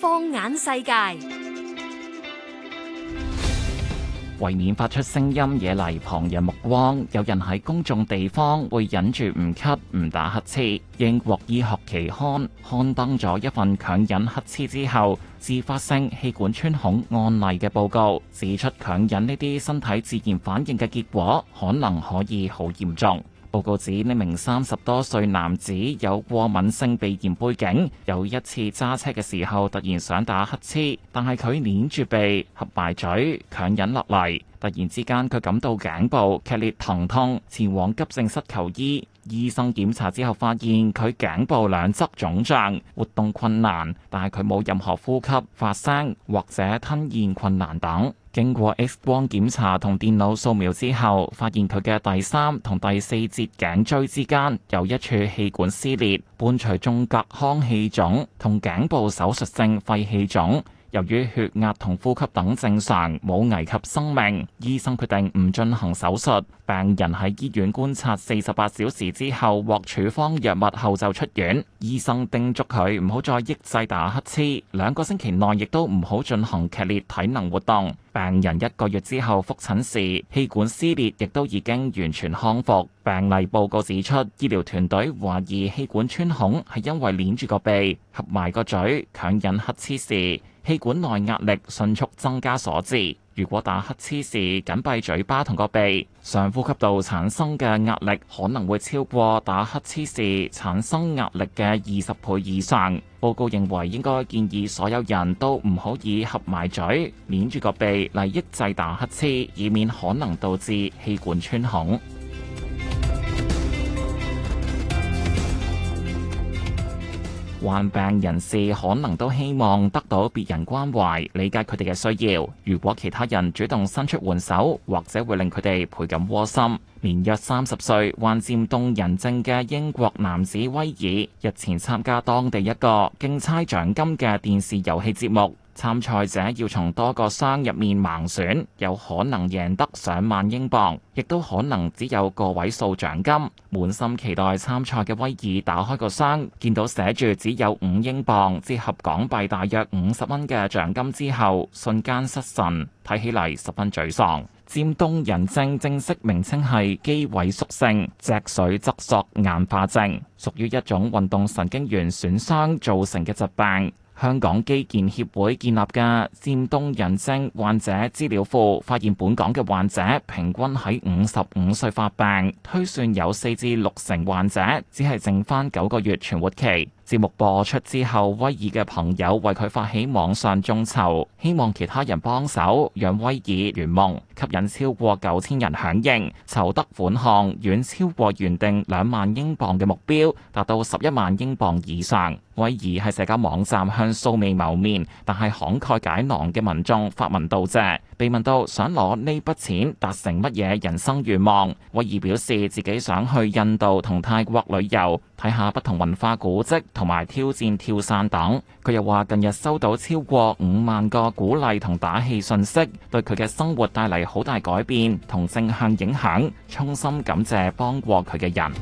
放眼世界，為免發出聲音惹嚟旁人目光，有人喺公眾地方會忍住唔咳、唔打乞嗤。英國醫學期刊刊登咗一份強忍乞嗤之後自發性氣管穿孔案例嘅報告，指出強忍呢啲身體自然反應嘅結果，可能可以好嚴重。報告指呢名三十多歲男子有過敏性鼻炎背景，有一次揸車嘅時候突然想打乞嗤，但係佢捏住鼻、合埋嘴，強忍落嚟。突然之間，佢感到頸部劇烈疼痛，前往急症室求醫。醫生檢查之後發現佢頸部兩側腫脹、活動困難，但係佢冇任何呼吸、發聲或者吞咽困難等。經過 X 光檢查同電腦掃描之後，發現佢嘅第三同第四節頸椎之間有一處氣管撕裂，伴隨縱隔腔氣腫同頸部手術性肺氣腫。由於血壓同呼吸等正常，冇危及生命，醫生決定唔進行手術。病人喺醫院觀察四十八小時之後，獲處方藥物後就出院。醫生叮囑佢唔好再抑制打乞嗤，兩個星期內亦都唔好進行劇烈體能活動。病人一個月之後覆診時，氣管撕裂亦都已經完全康復。病例報告指出，醫療團隊懷疑氣管穿孔係因為捏住個鼻、合埋個嘴強忍乞嗤時，氣管內壓力迅速增加所致。如果打乞嗤時緊閉嘴巴同個鼻，上呼吸道產生嘅壓力可能會超過打乞嗤時產生壓力嘅二十倍以上。報告認為應該建議所有人都唔可以合埋嘴、捏住個鼻嚟抑制打乞嗤，以免可能導致氣管穿孔。患病人士可能都希望得到別人關懷，理解佢哋嘅需要。如果其他人主動伸出援手，或者會令佢哋倍感窩心。年約三十歲患漸凍人症嘅英國男子威爾日前參加當地一個競猜獎金嘅電視遊戲節目。參賽者要從多個箱入面盲選，有可能贏得上萬英鎊，亦都可能只有個位數獎金。滿心期待參賽嘅威爾打開個箱，見到寫住只有五英鎊，折合港幣大約五十蚊嘅獎金之後，瞬間失神，睇起嚟十分沮喪。漸凍人症正式名稱係肌萎縮性脊髓側索硬化症，屬於一種運動神經元損傷造成嘅疾病。香港基建協會建立嘅漸凍人症患者資料庫發現，本港嘅患者平均喺五十五歲發病，推算有四至六成患者只係剩翻九個月存活期。節目播出之後，威爾嘅朋友為佢發起網上眾籌，希望其他人幫手讓威爾圓夢，吸引超過九千人響應，籌得款項遠超過原定兩萬英鎊嘅目標，達到十一萬英鎊以上。威爾喺社交網站向素未謀面但係慷慨解囊嘅民眾發文道謝。被問到想攞呢筆錢達成乜嘢人生願望，威爾表示自己想去印度同泰國旅遊，睇下不同文化古蹟同埋挑戰跳傘等。佢又話近日收到超過五萬個鼓勵同打氣訊息，對佢嘅生活帶嚟好大改變同正向影響，衷心感謝幫過佢嘅人。